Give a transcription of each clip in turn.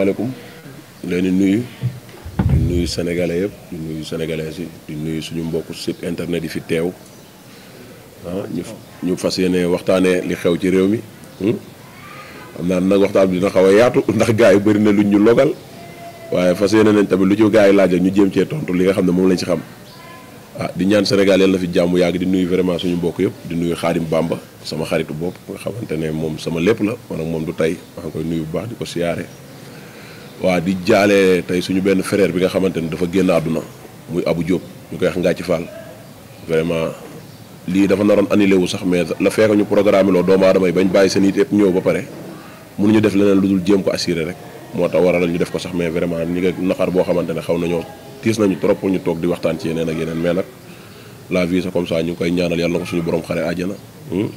asalaamaaleykum leen di nuyu di nuyu sénégalais yëpp di nuyu sénégalais yi di nuyu suñu mbokk site internet yi fi teew ah ñu ñu fas yéene waxtaanee li xew ci réew mi xam hmm? naa nag waxtaan bi dina xaw a yaatu ndax gars yi bëri na luñ ñu logal waaye fas yéene nañ tamit lu ci gars yi laaj ñu jéem cee tontu li nga xam ne moom lañ ci xam ah di ñaan Sénégal yàlla na fi jàmm yàgg di nuyu vraiment suñu mbokk yëpp di nuyu Xaadim Bamba sama xaritu bopp nga xamante ne moom sama lépp la man moom du tey maa nuyu bu baax di ko siyaare waa di jaale tey suñu benn frère bi nga xamante ne dafa génn àdduna muy abu Diop ñu koy wax Ngathie Fall vraiment lii dafa naroon annulé wu sax mais la fekk ñu programme loo doomu aadama yi bañ bàyyi seen it yëpp ñëw ba pare mënuñu def leneen lu dul jéem ko assuré rek moo tax waral ñu def ko sax mais vraiment ñi nga naqar boo xamante ne xaw nañoo tiis nañu trop pour ñu di waxtaan ci yeneen ak yeneen mais nag la vie comme ça ñu ngi koy ñaanal yàlla na ko suñu borom xare àjjana hmm?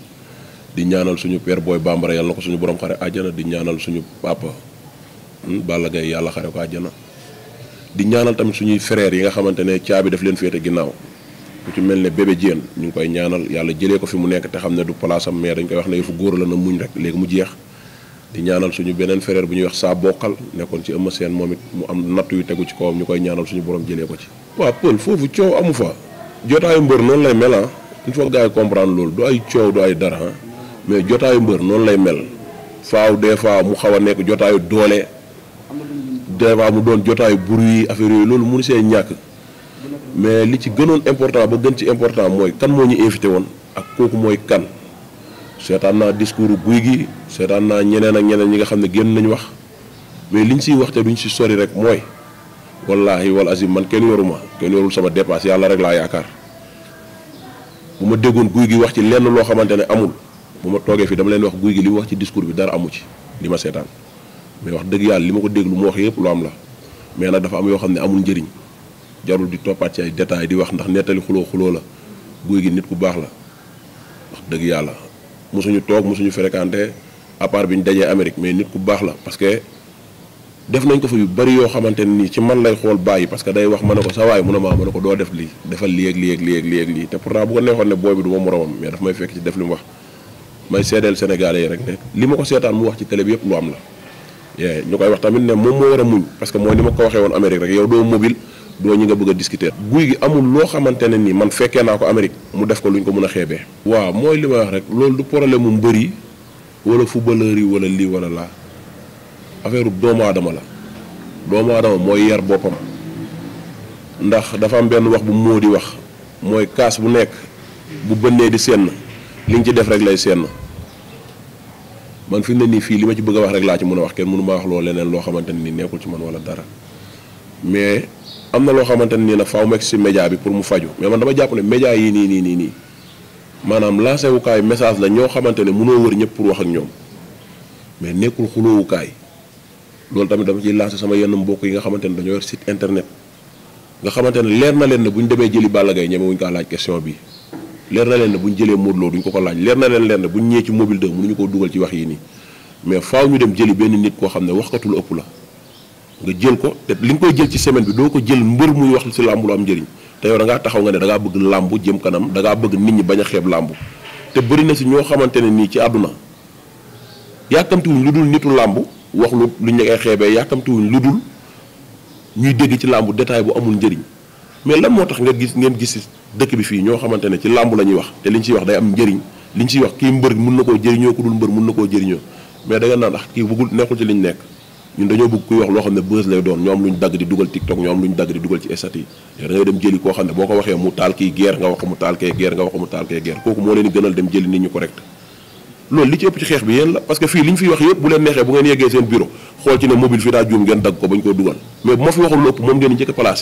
di ñaanal suñu per booy bambara yal na ko suñu borom xare àjjana di ñaanal suñu papa Hmm, Balla Gaye yàlla xare ko àjjana di ñaanal tamit suñuy frères yi nga xamante ne caabi daf leen féete ginnaaw ku ci mel ne bébé Diène ñu ngi koy ñaanal yàlla jëlee ko fi mu nekk te xam ne du place mais dañ koy wax ne yëfu góor la na muñ rek léegi mu jeex di ñaanal suñu beneen frère bu ñuy wax saa bokkal nekkoon ci Eumeu Sène moom it mu am nattu yu tegu ci kawam ñu koy ñaanal suñu borom jëlee ko ci. waaw pël foofu coow amu fa. jotaayu mbër noonu lay mel ah il faut gars yi ay coow du ay dara ah. mais jotaayu lay mel faaw a nekk jotaayu doole vraiment mu doon jotaayu bruit affaire yooyu loolu mënu see ñàkk mais li ci gënoon important ba gën ci important mooy kan moo ñu invité woon ak kooku mooy kan seetaan naa discours guy gi seetaan naa ñeneen ak ñeneen ñi nga xam ne génn nañu wax mais liñ siy waxte ñu si sori rek mooy wallaahi wal asi man kenn yoruma kenn yorul sama dépasse yàlla rek laa yaakaar bu ma déggoon guy gi wax ci lenn loo xamante ne amul bu ma toogee fii dama leen wax guy gi li wax ci discours bi dara amu ci li ma seetaan mais wax dëgg yàlla li ma ko déglu mu wax yëpp lu am la mais nag dafa am yoo xam ne amul njariñ jarul di toppaat ci ay détails di wax ndax nettali xuloo xuloo la guy gi nit ku baax la wax dëgg yàlla mosuñu toog mu fréquenté à part bi ñu dajee Amérique mais nit ku baax la parce que def nañ ko fa yu bari yoo xamante ne nii ci man lay xool bàyyi parce day wax ma ne ko sa mun a maa ma ne ko doo def lii defal lii ak lii ak lii ak lii ak te pourtant bu ko neexoon ne booy bi mais daf may fekk ci def li mu wax may rek li ma ko seetaan mu wax ci télé bi yëpp lu am la ñu koy wax tamit ne moom moo war a muñ parce que mooy ni ma ko waxee woon Amérique rek yow doo mobile doo ñi nga bëgg a guy gi amul loo xamante ne nii man fekkee naa ko Amérique mu def ko lu ñu ko mën a xeebee. waaw mooy li ma wax rek loolu du problème mu mbër yi wala footballeur yi wala lii wala laa affaire doomu aadama la doomu aadama mooy yar boppam ndax dafa am benn wax bu moo di wax mooy kaas bu nekk bu bënnee di senn li ci def rek lay senn. man fi ne nii fii li ma ci bëgg a wax rek laa ci mën a wax kenn mënu ma wax loo leneen loo xamante ne nii nekkul ci man wala dara mais am na loo xamante ne nii nag faaw mu egg si média bi pour mu faju mais man dama jàpp ne média yi nii nii nii nii maanaam lancé wukaay message la ñoo xamante ne mënoo wër ñëpp pour wax ak ñoom mais nekkul xuloowukaay loolu tamit dama ciy lancé sama yenn mbokk yi nga xamante ne dañoo yor site internet nga xamante ne leer na leen ne demee jëli Balla Gaye ñeme wuñ bi leer na leen ne bu ñu jëlee Modou Lo ko ko laaj leer na leen leer na bu ñu ñëwee ci mobile 2 mënuñu koo dugal ci wax yi nii mais faaw ñu dem jëli benn nit koo xam ne waxkatu lu ëpp la nga jël ko te li nga koy jël ci semaine bi doo ko jël mbër muy wax ci làmb lu am njëriñ te yow da taxaw nga ne da ngaa bëgg làmb jëm kanam da bëgg nit ñi bañ a xeeb làmb te bëri na si ñoo xamante ne nii ci àdduna yàkkamtiwuñ lu dul nitu làmb wax lu luñ la koy xeebee yàkkamtiwuñ lu dul ñuy dégg ci làmb détail bu amul njëriñ mais lan moo tax nga gis ngeen gis dëkk bi fii ñoo xamante ne ci làmb la ñuy wax te li ñu ciy wax day am njëriñ li ñu ciy wax kii mbër mun na koo jëriñoo ku dul mbër mun na koo jëriñoo mais da nga naan nekk ñun dañoo loo ne buzz lay doon ñoo dagg dugal TikTok ñoo am lu ñu dagg di ko waxee mu taal kii guerre nga wax mu taal kay guerre nga wax mu taal kay guerre kooku moo leen gënal ñu ko bañ koo dugal mais bu fi waxul lu ëpp moom ngeen njëkk a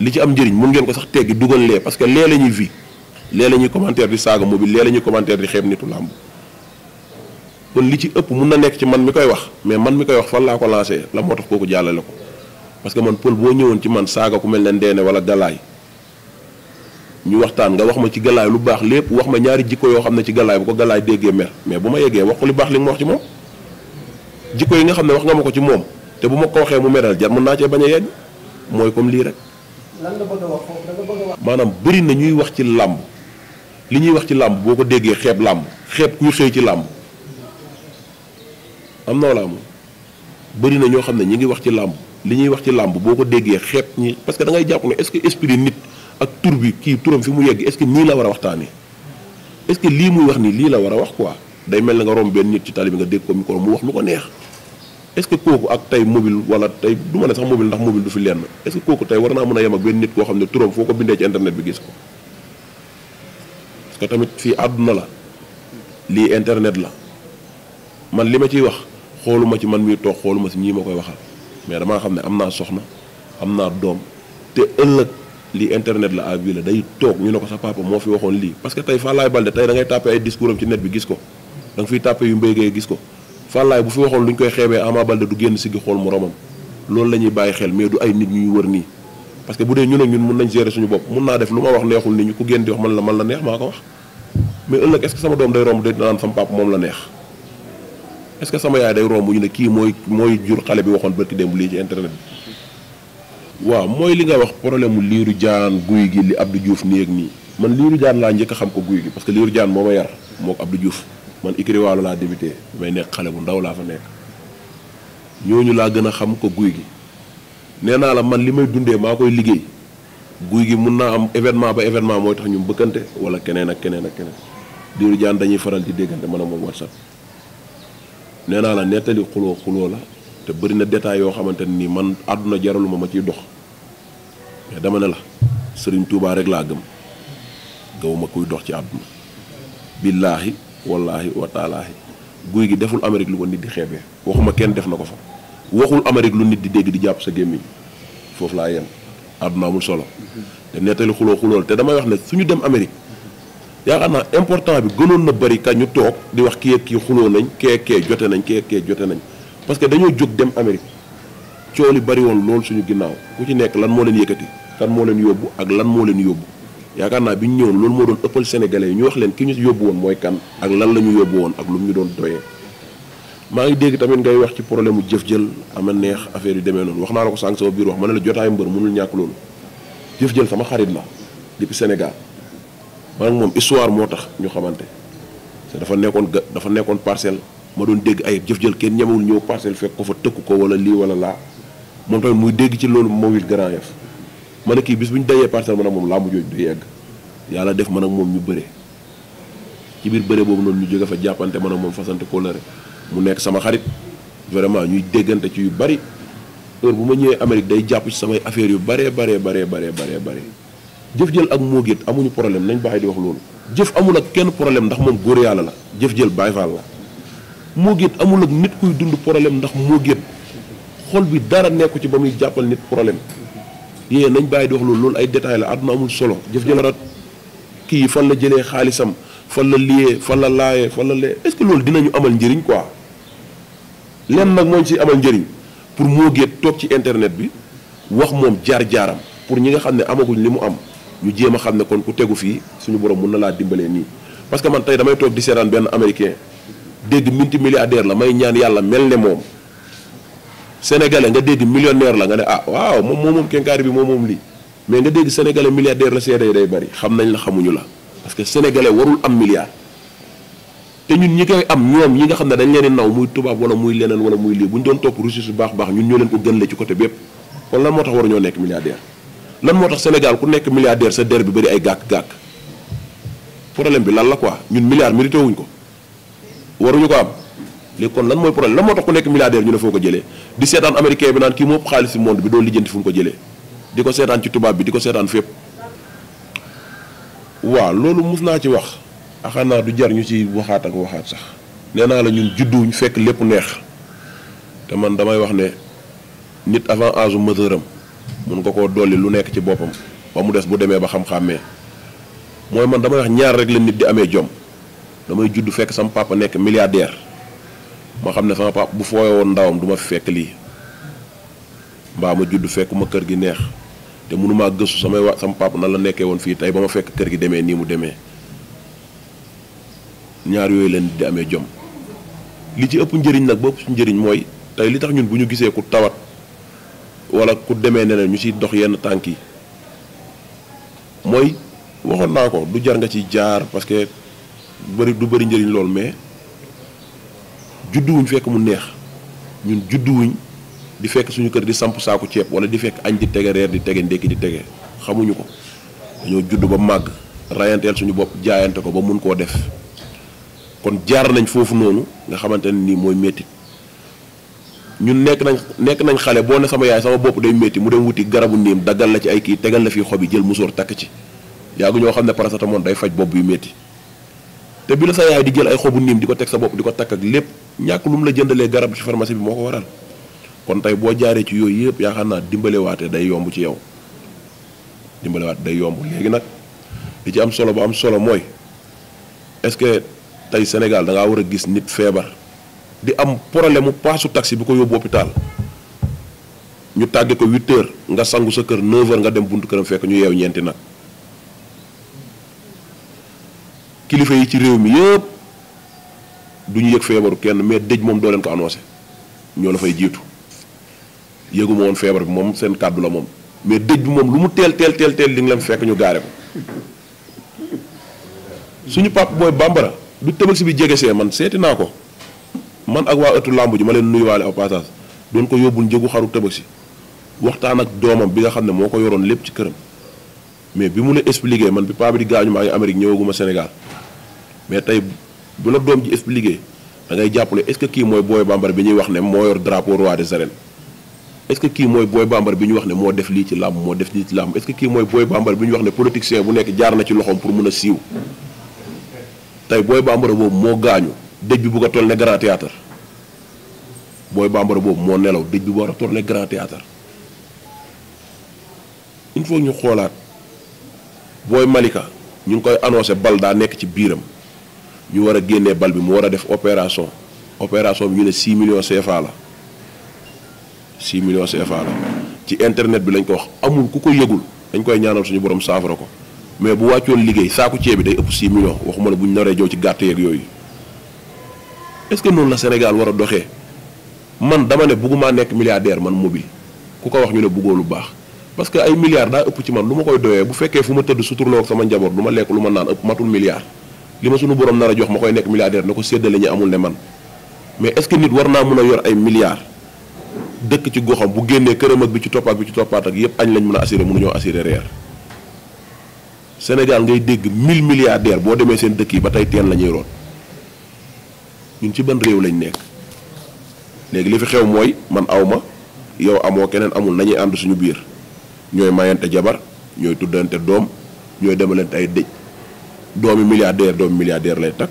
li ci am njëriñ mun ngeen ko sax teggi dugal lee parce que lee la ñuy vi lee la ñuy commentaire di saaga mobile lee la commentaire di xeeb nitu làmb kon li ci ëpp mun na nekk ci man mi koy wax mais man mi koy wax fan laa ko lancé la moo tax kooku jàllale ko parce que man pël boo ñëwoon ci man saaga ku mel ne wala galaay ñu waxtaan nga wax ma ci galaay lu baax lépp wax ma ñaari jikko yoo xam ne ci galaay bu ko galaay déggee mer mais bu ma yeggee wax ko lu baax li nga ma wax ci moom jikko yi nga xam ne wax nga ma ko ci moom te bu ma ko waxee mu meral jar mën naa cee bañ a yegg mooy comme lii rek lan maanaam bëri na ñuy wax ci làmb li ñuy wax ci làmb boo ko déggee xeeb làmb xeeb kuy xëy ci làmb am na wala amul bëri na ñoo xam ne ñi ngi wax ci làmb li ñuy wax ci làmb boo ko déggee xeeb ñi parce que da ngay jàpp ne est esprit nit ak tur bi kii turam fi mu yegg est-ce que nii la war a waxtaanee est-ce que lii muy wax nii lii la war a wax quoi day mel na nga romb benn nit ci tali bi nga dégg ko micro mu wax lu ko neex. est-ce que kooku ak tey mobile wala tey du ma ne sax mobile ndax mobile du fi leen est-ce que kooku tey war naa mën a yem ak benn nit koo xam ne turam foo ko bindee ci internet bi gis ko parce tamit fii àdduna la lii internet la man li ma ciy wax xooluma ci man mii toog xooluma si ñii ma koy waxal mais damaa xam ne am naa soxna am naa doom te lii internet la la day toog ñu ne ko moo fi waxoon lii parce que tey Falaye Balde tey da ngay tàppe ay discours am ci net bi gis ko da nga fiy tàppe yu mbéy gis ko Fallaye bu fi waxoon lu ñu koy xeebee Ama Baldé du génn sigi xool moromam loolu la ñuy bàyyi xel mais du ay nit ñuy wër nii parce bu dee ñun ak ñun mun nañ gérer suñu bopp mun naa def lu ma wax neexul nit ñu ko génn di wax man la man la neex maa mais ëllëg sama doom day romb day naan sama papa moom la neex est que sama yaay day romb ñu ne kii mooy mooy jur xale bi waxoon bërki démb lii ci internet bi waaw mooy li ngay wax problème mu liiru jaan guy gi li Abdou juuf nii ak nii man liiru jaan laa njëkk xam ko guy gi parce que liiru jaan moo ma yar moo ko man Ikri Waalo laa débuté may nekk xale bu ndaw laa fa nekk ñooñu laa gën a xam ko guy gi nee naa la man li may dundee maa koy liggéey guy gi mun naa am événement ba événement mooy tax ñu bëkkante wala keneen ak keneen ak keneen diiru jaan dañuy faral di déggante man a moom WhatsApp nee naa la nettali xuloo xuloo la te bari na détails yoo xamante ne nii man àdduna jaraluma ma ciy dox mais dama ne la Serigne Touba rek laa gëm gawuma kuy dox ci àdduna billaahi wallaahi wa taalaahi guy gi deful Amérique lu ko nit di xeebee waxuma kenn def na ko fa waxul Amérique lu nit di dégg di jàpp sa gémmiñ foofu laa yem àdduna amul solo te nettali xuloo xulool te damay wax ne suñu dem Amérique yaakaar naa important bi gënoon na bëri ka ñu toog di wax kii ak kii xuloo nañ kee kee jote nañ kee kee jote nañ parce que dañoo jóg dem Amérique coow li bëri woon loolu suñu ginnaaw ku ci nekk lan moo leen yëkkati lan moo leen yóbbu ak lan moo leen yóbbu yaakaar naa bi ñu ñëwoon loolu moo doon ëppal sénégalais ñu wax leen ki ñu yóbbu woon mooy kan ak lan la ñu yóbbu woon ak lu mu ñu doon doyee maa ngi dégg tamit ngay wax ci problème mu jëf-jël ama neex affaire yu demee noonu wax naa la ko sànq sama biir wax ma ne la jotaay mbër mënul ñàkk loolu jëf-jël sama xarit la depuis Sénégal man ak moom histoire moo tax ñu xamante dafa nekkoon dafa nekkoon parcelle ma doon dégg ay jëf-jël kenn ñemewul ñëw parcelle fekk ko fa tëkku ko wala lii wala laa moom muy dégg ci loolu Mawil Grand Yoff ma ne kii bis bu ñu dajee parcelle man ak moom làmb du yegg yàlla def man ak moom ñu bëre ci biir bëre boobu noonu ñu jóge fa jàppante man ak moom fasante kóllëre mu nekk sama xarit vraiment ñuy déggante ci yu bari heure bu ma ñëwee Amérique day jàpp ci samay affaires yu baree baree baree baree baree baree jëf jël ak moo gét amuñu problème nañ bàyyi di wax loolu jëf amul ak kenn problème ndax moom góor yàlla la jëf jël Baay Faal la moo amul ak nit kuy dund problème ndax moo gét xol bi dara nekku ci ba muy jàppal nit problème yée nañ bàyyi di wax loolu loolu ay détails la àdduna amul solo jëf jëla rat kii fan la jëlee xaalisam fan la liyee fan la laayee fan la lee est-ce que loolu dinañu amal njëriñ quoi lenn nag mooñ ci amal njëriñ pour moo géet toog ci internet bi wax moom jaar-jaaram pour ñi nga xam ne amaguñ li mu am ñu jéem a xam ne kon ku tegu fii suñu borom mun na laa dimbalee nii parce que man tey damay toog di seetaan benn américain dégg multimilliardaire la may ñaan yàlla mel ne moom sénégalais nga dégg millionnaire la nga ne ah waaw moom moo moom kenkaari bi moom moom lii mais nga dégg sénégalais milliardaire la seede day bari xam nañ la xamuñu la parce que sénégalais warul am milliard te ñun ñi koy am ñoom yi nga xam ne dañ leen naw muy tubaab wala muy leneen wala muy lii bu ñu doon topp ressource bu baax baax ñun ñoo leen ko gën la ci côté bépp kon lan moo tax waruñoo nekk milliardaire lan moo tax Sénégal ku nekk milliardaire sa der bi bëri ay gàkk-gàkk problème bi lan la quoi ñun milliard mérité wuñ ko waruñu ko am léegi kon lan mooy problème lan moo tax ku nekk milliardaire ñu ne foo ko jëlee di seetaan américain bi naan kii moo ëpp xaalis monde bi doo lijjanti fu mu ko jëlee di ko seetaan ci tubaab bi di ko seetaan fépp waaw loolu mus naa ci wax axanaa ah, du jar ñu ci waxaat ak waxaat sax nee naa la ñun judduwuñ fekk lépp neex te man damay wax ne nit avant âge majeur am mun nga koo dolli lu nekk ci boppam ba mu des bu demee ba xam-xàmmee mooy man damay wax ñaar rek la nit di amee jom damay judd fekk sam papa nekk milliardaire ma xam ne sama pap bu fooye woon ndawam du ma fi fekk lii mbaa ma judd fekk ma kër gi neex te mënumaa gëstu samay wax sama pap nan la nekkee woon fii tey ba ma fekk kër gi deme nii mu demee ñaar yooyu leen di amee jom li ci ëpp njëriñ nag ba ëpp njëriñ mooy tey li tax ñun bu ñu gisee ku tawat wala ku demee neneen ñu ci dox yenn tànk yi mooy waxoon naa ko du jar nga ci jaar parce que bëri du bëri njëriñ loolu mais juddu judduwuñ fekk mu neex ñun judduwuñ di fekk suñu kër di samp saaku ceeb wala di fekk añ di tege reer di tege ndékki di tege xamuñu ko dañoo judd ba màgg rayanteel suñu bopp jaayante ko ba mun koo def kon jaar nañ foofu noonu nga xamante ne nii mooy métti ñun nekk nañ nekk nañ xale boo ne sama yaay sama bopp day métti mu dem wuti garabu niim daggal la ci ay kii tegal la fi xob yi jël musóor takk ci yàggu ñoo xam ne paracetamol day faj bopp yu métti te bi la sa yaay di jël ay xobu niim di ko teg sa bopp di ko takk lépp ñàkk lu mu la jëndalee garab ci pharmacie bi moo ko waral kon tay boo jaaree ci yooyu yëpp yaakaar naa dimbalewaate day yomb ci yow dimbalewaate day yomb léegi nag li ci am solo bu am solo mooy est-ce que tey Sénégal da war a gis nit feebar di am problème mu paasu taxi bi ko yóbbu hôpital ñu tàgge ko 8 heures nga sangu sa kër 9 nga dem buntu këram fekk ñu yeew ñeenti nag kilifa yi ci réew mi yëpp. du ñu yëg feebaru kenn mais dëj moom doo leen ko annoncé ñoo la fay jiitu yëguma woon feebar bi moom seen kàddu la moom mais dëj bi moom lu mu teel teel teel teel li nga leen fekk ñu gaare ko suñu pap booy bambara du tëbal si bi jege see man seeti naa ko man ak waa ëttu làmb ji ma leen nuyuwaale au passage doon ko yóbbul njëgu xaru tëbal si waxtaan ak doomam bi nga xam ne moo ko yoroon lépp ci këram mais bi mu la expliqué man bi paa bi di gaañu maa ngi Amérique ñëwaguma Sénégal mais tey bu la doom ji expliqué da ngay jàppale est-ce que kii mooy booy bambara bi ñuy wax ne moo yor drapeau roi des arènes est-ce kii mooy booy bambara bi ñu wax ne moo def lii ci làmb moo def lii ci làmb est-ce que kii mooy booy bambara bi ñu wax ne politicien bu nekk jaar na ci loxoom pour mun a siiw tey booy bambara boobu moo gaañu dëj bi bugg a toll ne grand théâtre booy bambara boobu moo nelaw dëj bi war a toll ne grand théâtre il faut ñu xoolaat booy Malika ñu ngi koy annoncé bal nekk ci biiram. ñu war a génnee bal bi mu war a def opération opération bi ñu ne 6 millions CFA la 6 millions CFA la ci internet bi lañ ko wax amul ku ko yëgul dañ koy ñaanal suñu borom saafara ko mais bu wàccoon liggéey saaku ceeb bi day ëpp 6 millions waxuma la bu ñu naree jow ci gàtt yeeg yooyu est-ce que noonu la Sénégal war a doxee man dama ne bëgguma nekk milliardaire man mobile ku ko wax ñu ne bëggoo lu baax parce que ay milliards daa ëpp ci man lu ma koy doyee bu fekkee fu ma tëdd suturloo ak sama njaboot ma lekk lu ma naan matul milliard li ma sunu borom na a jox ma koy nekk milliardaire na ko séddale ñu amul ne man mais est-ce que nit war naa mën a yor ay milliards dëkk ci goxam bu génnee këram ak bi ci toppaat bi ci toppaat ak yépp añ lañ mën a assuré mënuñoo assuré reer Sénégal ngay dégg mille milliardaires boo demee seen dëkk yi ba tey teen la ñuy root ñun ci ban réew lañ nekk léegi li fi xew mooy man aw ma yow amoo keneen amul nañuy ànd suñu biir ñooy mayante jabar ñooy tuddante doom ñooy demalante ay dëj doomi milliardaire doomi milliardaire lay takk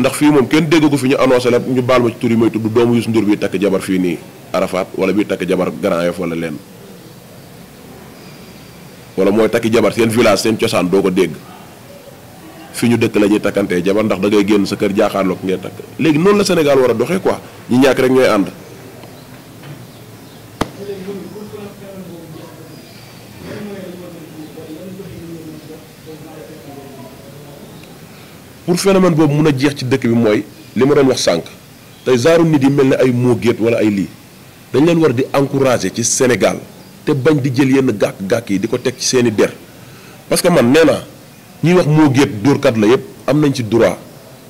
ndax fii moom kenn dégg ko fi ñu annoncé la ñu baal ma ci tur yi may tudd doomu Youssou Ndour bi takk jabar fii nii Arafat wala bi takk jabar Grand Yoff wala lenn wala mooy takki jabar seen village seen cosaan doo ko dégg fi ñu dëkk la ñuy takkantee jabar ndax da ngay génn sa kër jaaxaarloog ngay takk léegi noonu la Sénégal war a doxee quoi ñi ñàkk rek ñooy ànd pour phénomène boobu mun a jeex ci dëkk bi mooy li ma doon wax sànq tey zaaru nit yi mel ne ay moo géet wala ay lii dañu leen war a di encourager ci Sénégal te bañ di jël yenn gàkk-gàkk yi di ko teg ci seen i der parce que man nee naa ñuy wax moo gét dóorkat la yépp am nañ ci droit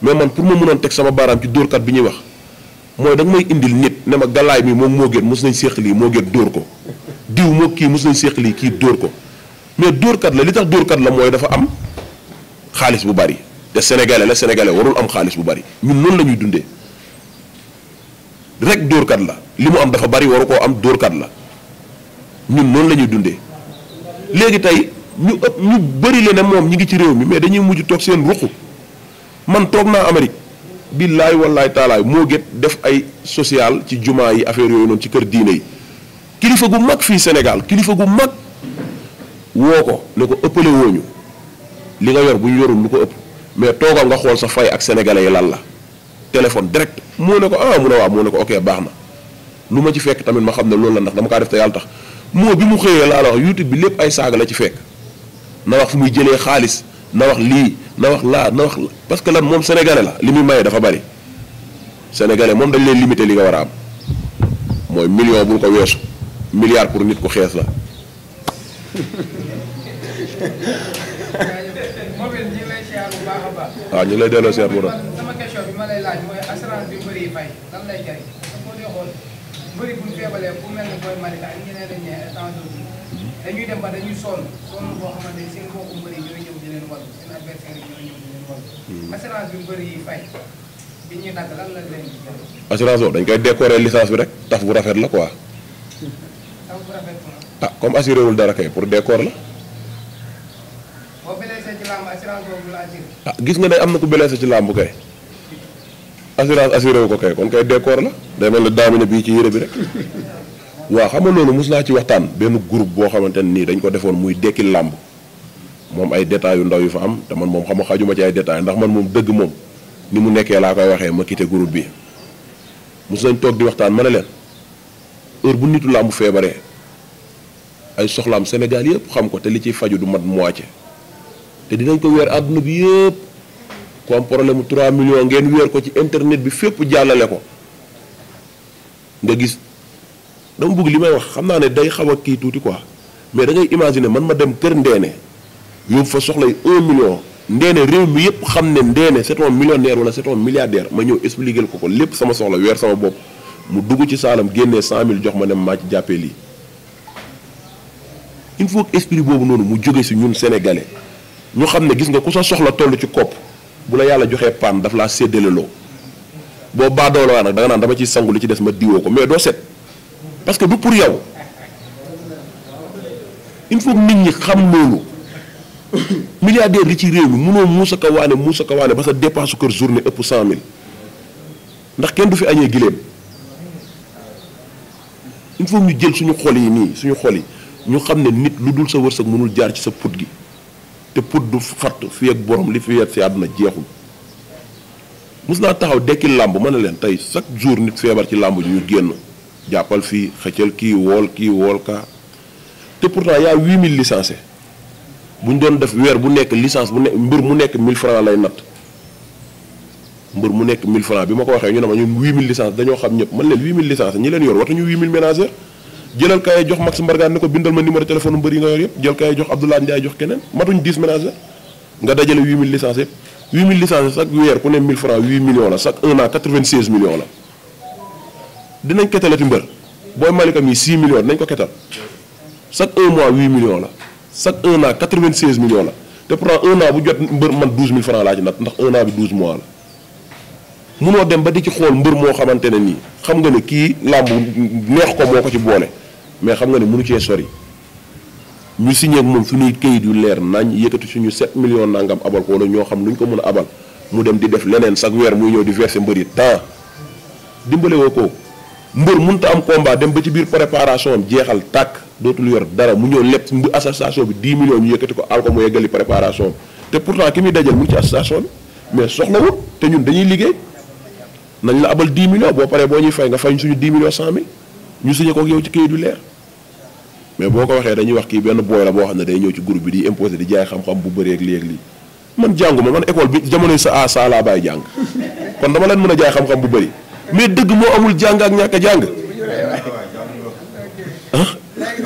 mais man pour ma mënoon teg sama baaraam ci dóorkat bi ñuy wax mooy da nga may indil nit ne ma galaay mii moom moo géet mos nañ séeq lii moo géet dóor ko diw moo kii mos nañ séeq kii dóor ko mais dóorkat la li tax dóorkat la mooy dafa am xaalis bu bari te sénégalais la sénégalais warul am xaalis bu bari ñun noonu la ñuy dundee rek dóorkat la li mu am dafa bari waru koo am dóorkat la ñun noonu lañuy dundee léegi tey ñu ëpp ñu bëri le ne moom ñi ngi ci réew mi mais dañuy mujj toog seen ruq man toog naa Amérique billaay wallaay taalaay moo gét def ay social ci jumaa yi affaire yooyu noonu ci kër diine yi kilifa gu mag fii senegal kilifa gu mag woo ko ne ko ëppale wooñu li nga yor bu ñu yorul lu ko ëpp mais toogal nga xool sa fay ak sénégalais yi lan la téléphone direct mu ne ko ah mu a waaw mu ne ko ok baax na lu ma ci fekk tamit ma xam ne loolu la ndax dama kaa def te yàlla tax moo bi mu xëyee laa la wax youtube bi lépp ay saaga la ci fekk na wax fu muy jëlee xaalis na wax lii na wax laa na wax parce que lan moom sénégalais la li muy maye dafa bari sénégalais moom dañ leen limité li nga war a am mooy million bul ko weesu milliard pour nit ku xees la waaw ah, ñu ngi lay delloo seer bu doon. sama question bi ma lay laaj mooy assurance bi mbër yi fay lan lay jëriñ parce que boo dee xool mbër yi bu ñu feebalee ku mel ne booy Malika ak ñeneen lañ ne temps dañuy dem ba dañuy sonn sonn boo xamante ne seen mbokku mbër yi ñooy ñëw di leen wàllu seen adversaire yi ñooy ñëw di leen wàllu. Hmm. assurance bi mbër yi fay bi ñuy nag lan la leen di jëriñ. assurance boobu dañ koy décorer licence bi rek taf bu rafet la quoi. taf bu rafet la. ah comme assuré wul dara kay pour décor la. ah gis nga ne am na ku blessé ci làmb kay. assurance assuré wu ko kay kon kay décor la. day mel ne daamine bii ci yére bi rek. waa xam nga loolu mos naa ci waxtaan benn groupe boo xamante nii dañ ko defoon muy dekki làmb moom ay détails yu ndaw yu fa am te man moom xam nga xajuma ci ay détails ndax man moom dëgg moom ni mu nekkee laa koy waxee ma quitté groupe bi mos nañ toog di waxtaan ma ne leen heure bu nitu làmb feebaree ay soxlaam senegal yëpp xam ko te li ciy faju du mat moitié te dinañ ko weer àdduna bi yëpp ku am problème mu 3 millions ngeen weer ko ci internet bi fépp jàllale ko nga gis dama bëgg li may wax xam naa ne day xaw a kii tuuti quoi mais da ngay imaginer man ma dem kër Ndéné yóbbu fa soxlay 1 million Ndéné réew mi yëpp xam ne Ndéné c'est un millionnaire wala c'est un ma ñëw expliquer ko ko lépp sama soxla weer sama bopp mu dugg ci saalam génnee 100000 jox ma dem maa jàppee lii il faut que esprit boobu noonu mu jóge si ñun sénégalais. ñu xam ne gis nga ku sa soxla toll ci kopp bu la yàlla joxe paan daf laa séddaleloo boo baadoolaa nag da nga naan dama ciy sangu li ci des ma diwoo ko mais doo set parce que du pour yow il nit ñi xam loolu milliardaire li ci réew mi munoo muusa ka waane muusa ka waane ba sa dépense kër journée ëpp cent mille ndax kenn du fi añee giléem il faut ñu jël suñu xol yi nii suñu xol yi ñu xam ne nit lu dul sa wërsëg mënul jaar ci sa put gi te put du fatt fii ak borom li fi wet si àdduna jeexul mus naa taxaw dekki làmb ma ne leen tey chaque jour nit feebar ci làmb ñu génn jàppal fii xëccal kii wool kii wool kaa te pourtant y a 8000 licenciés bu ñu doon def weer bu nekk licence bu nekk mbër mu nekk 1000 francs lay natt mbër mu nekk 1000 francs bi ma ko waxee ñu ne ma ñun 8000 licences dañoo xam ñëpp man leen 8000 licences ñi jëlal kaye jox Max Mbargane ni ko bindal ma numéro téléphone mbër yi nga yor yëpp jël kaye jox Abdoulaye Ndiaye jox keneen matuñ 10 ménages nga dajale 8000 licences yëpp 8000 licences chaque weer ku ne 1000 francs 8 millions la chaque 1 an 96 millions la dinañ ko ketal mois 8 millions la chaque 1 an 96 millions la te pourtant 1 an bu jot mbër man 12000 francs laa ci nat ndax 1 an bi mois la. munoo dem ba di ci xool mbër moo xamante ne nii xam nga ne kii làmb neex ko moo ko ci boole mais xam nga ne munu cee sori ñu signé moom suñuy kayit yu leer nañ yëkkati suñu 7 millions nangam abal ko wala ñoo xam luñ ko mën a abal mu dem di def leneen chaque weer muy ñëw di verser mbër yi temps dimbale woo ko mbër mënut a am combat ba ci biir préparation am jeexal tàkk dootul yor dara mu ñëw lépp mu association bi 10 millions ñu ko al ko mu yeggali préparation te pourtant ki muy dajal mu ci association bi mais soxlawul te ñun dañuy liggéey nañ la abal 10 millions boo paree boo ñuy fay nga fay suñu 10 millions 100 000 ñu signé ko yow ci kayit yu leer. mais boo ko waxee dañuy wax kii benn booy la boo xam ne day ñëw ci groupe bi di imposé di jaay xam-xam bu bëree ak lii ak lii man jàngu ma man école bi jamono sa a sa laa jàng kon dama leen mën a jaay xam-xam bu bëri mais dëgg moo amul jàng ak ñàkk a jàng ah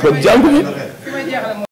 man jàngu ma